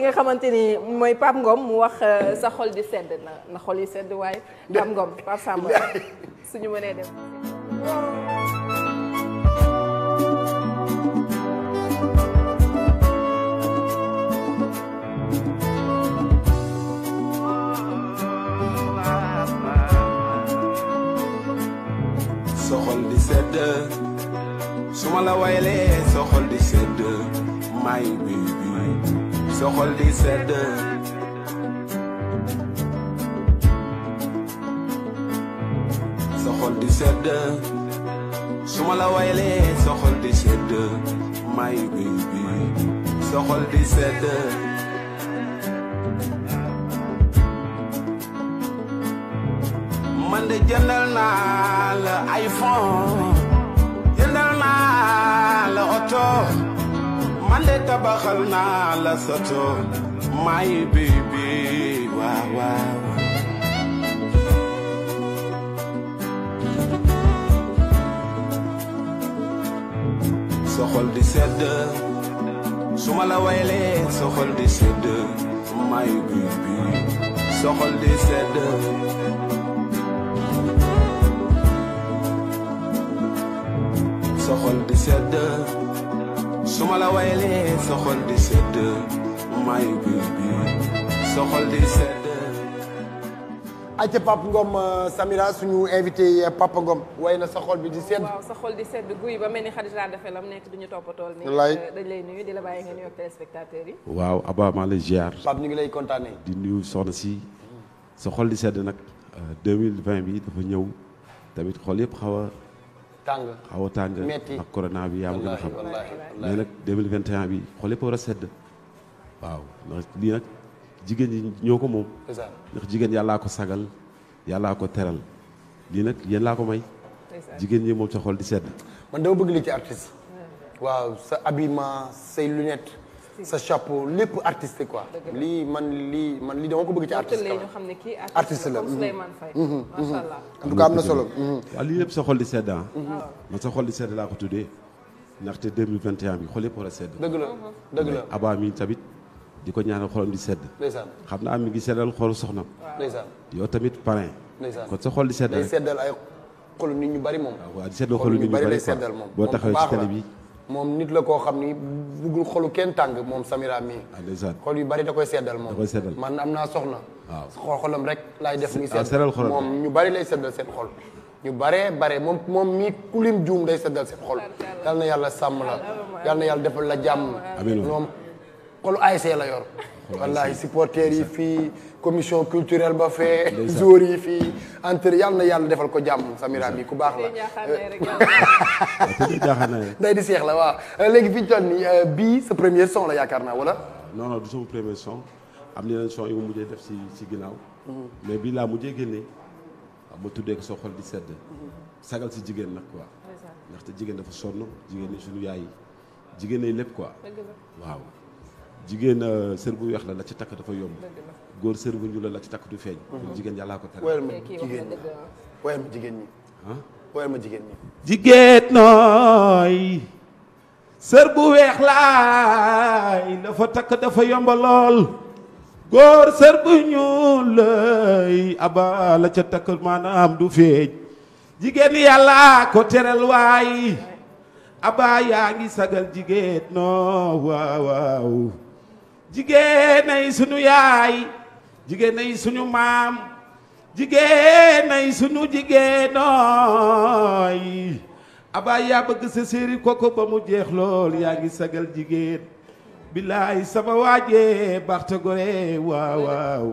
ki nga xamante ni mooy Pape Ngom mu wax euh, xol di sedd na na xol yi sedd waaye Pape Ngom Pape Samba suñu mënee dem. soxol di sedd su ma la soxol di sedd soxol di la waylee soxol di sedd may béy bi soxol di sedd man de jëndal la iPhone jëndal naa la oto man de tabaxal naa la sa tool my baby waaw waaw sa xol di sedd su ma la waylee sa di sedd my baby sa xol di sedd su ma la waylee sa xol di sedd maayu biir sa xol di sedd acca Pape Ngom euh, Samira suñu invité euh, Pape Ngom way na sa xol bi di sedd waaw sa ba mel ni xarit laa defee lam nekk duñu toppatool ni euh, dañ lay nuyu di la bàyyi nga nuyoog téléspectateurs yi waaw Abba maa lay ziar Pape ñu ngi lay kontaanee di nuyu soxna si sa xol di sedd nag mille 2020 bi dafa ñëw tamit xol yëpp xaw a tàng xaw a tàng ak corona bi yaa ma gën a xam mais nag 2021 bi xool yëpp war a sedd waaw ndax lii nag jigéen ñi ñëw ko moom ndax jigéen yàllaa ko sagal yàllaa ko teral lii nag yéen laa ko may jigéen ñi moom sa xol di sedd man dama bëgg lii ci artiste waaw sa habillement say lunette sa chapeau lépp artiste quoi. lii man lii man lii dama ko bëgg ci artiste. xam ne kii artiste la comme mhm. Souleymane Faye. Mhm. Mhm. am na solo. waaw lii yëpp sa xol di sedd ah. man sa xol di sedd laa ko tuddee ndaxte 2021 bi xol yëpp war a sedd. dëgg la dëgg la Abba mi tamit di ko ñaanal xolam di sedd. ndeysaan xam naa mi ngi seddal xolu soxnam. ndeysaan yow tamit parrain. kon sa xol di sedd rek day seddal ay xolu nit ñu bari moom. waaw di seddal xolu nit ñu bari quoi boo taxawee ci télé bi moom nit la koo xam ni buggul xolu kenn tàng moom Samira mii. Ah, xol yu bari da koy seddal moom. man am naa soxna. waaw xolam rek laay def. muy ah, seddal moom ñu bari lay seddal seen xol. ñu baree bare moom moom mii kulim juum day seddal seen xol. yal na yàlla sàmm la. yal na yàlla defal la jàmm. amiin moom xolu ASC la yor. wallahi supporters yi fii commission culturelle ba fee. joueurs yi fii entre yàlla na yàlla defal ko jàmm. Samira bi ku baax la day di seex la waaw euh, léegi fi ñu toll nii euh, bii sa premier son la yaakaar naa wala. non non du sama premier son am na yeneen son yu mu mujjee def si si ginnaaw. Mhm. mais bii laa mujjee génnee ma tuddee ko soo xol di sedd. Mhm. sagal si jigéen nag quoi. ndaxte jigéen dafa sonn jigéen ñi suñu yaay yi jigéen lépp ko jigéen euh, sër bu weex la la ci takk dafa yomb góor sër bu ñuul la ci takk du mhm. jigéen yàllaa ko tere wayal ah. ma jigéen weex laay takk dafa yomba lool góor sër bu lay aba la ca takk maanaam du feeñ jigéen yàllaa ko teral waay aba yaa ngi sagal jigéen noo waaw waaw jigéenay suñu yaay jigéenay suñu maam jigéenay suñu jigéenooy abaa yaa bëgg sa séeri koko ba mu jeex lool yaa ngi sagal jigéen billaay sama waajee baxte gore waaw waaw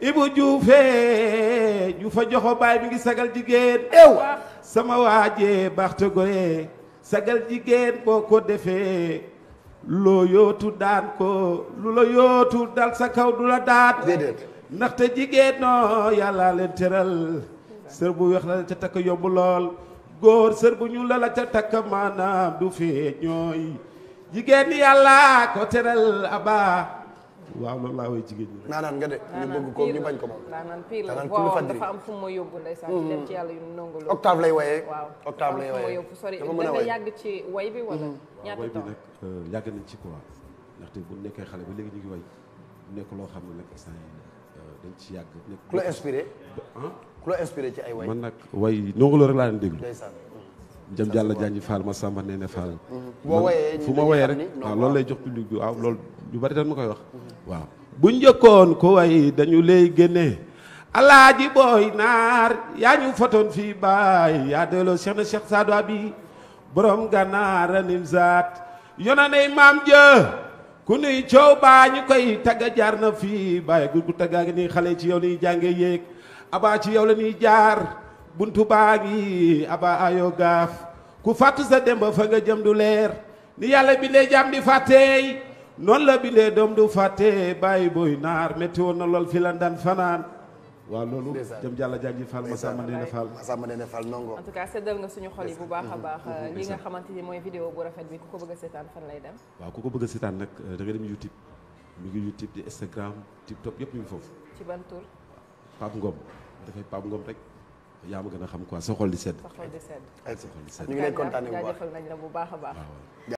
ibu juufee ju joxo baay mi ngi sagal jigéen ew sama waajee baxte gore sagal jigéen boo ko defee loo yootu daan ko lu la yootu dal sa kaw du la daan ndaxte jigéen noo yàlla leen tëral sër bu weex la la ca takk yomb lool góor sër bu ñuul la la ca takk maanaam du fee jigéen yàlla ko tëral abaa waaw loolu laa way jigéen ñi. naanaan nga de ñu bëgg ko ñu bañ ko moom. naanaan dafa am fu mu ma yóbbu ndeysaan ci hmm. dem ci yàlla yu nangu loolu. octave lay waye octave lay waye waaw sori dafa yàgg ci way bi wala. Hmm. ñaata temps euh, yàgg nañ ci quoi ndaxte bu nekkee xale ba léegi ñu ngi way nekk loo xam ne nag instant yii euh, dañ ci yàgg. ku la inspiré. Ah? ku la inspiré ci ay way. man nag way nangu loolu rek laa leen déglu. jëm jàlla jànji faal ma sàmba nee faal fu ma woyee rek waaw lay jox public bi waaw loolu ñu bari tan ma koy wax mhm. waaw bu njëkkoon ko way dañu lay génnee alaaji booy naar yaa ñu fotoon fii baay yaa delloo Cheikh na Cheikh Sadou Abi borom gànnaar anim zaat yonaney maam jë ku nuy coow baa ñu koy tagga jaar na fii baay gu gu taggaa ngi nii xale ci yow lañuy jànge yéeg abaa ci yow la ñuy jaar buntu baa ngi aba ayo gaaf ku fàtt sa demba fa nga jëm du leer ni yàlla bindee jaam di fàtteey noonu la bindee doom du fàtte bàyyi booy naar métti woon na lool fi lan daan fanaan waaw loolu jëm jàlla jàngi Fall Massamba Ndéné Fall Massamba Ndéné Fall nongo en tout cas seddal nga suñu xol yi bu baax a baax li nga xamante ni mooy vidéo bu rafet bi ku ko a seetaan fan lay ko bëgg a seetaan nag euh, da nga dem YouTube mi ngi YouTube di Instagram TikTok yëpp mi ngi foofu ci ban tur Pape dafay Pape Ngom rek yaa ma gën a xam quoi sa xol di sedd. sedd. ñu ngi lay kontaanee bu baax jaajëfal nañ la bu baax a baax.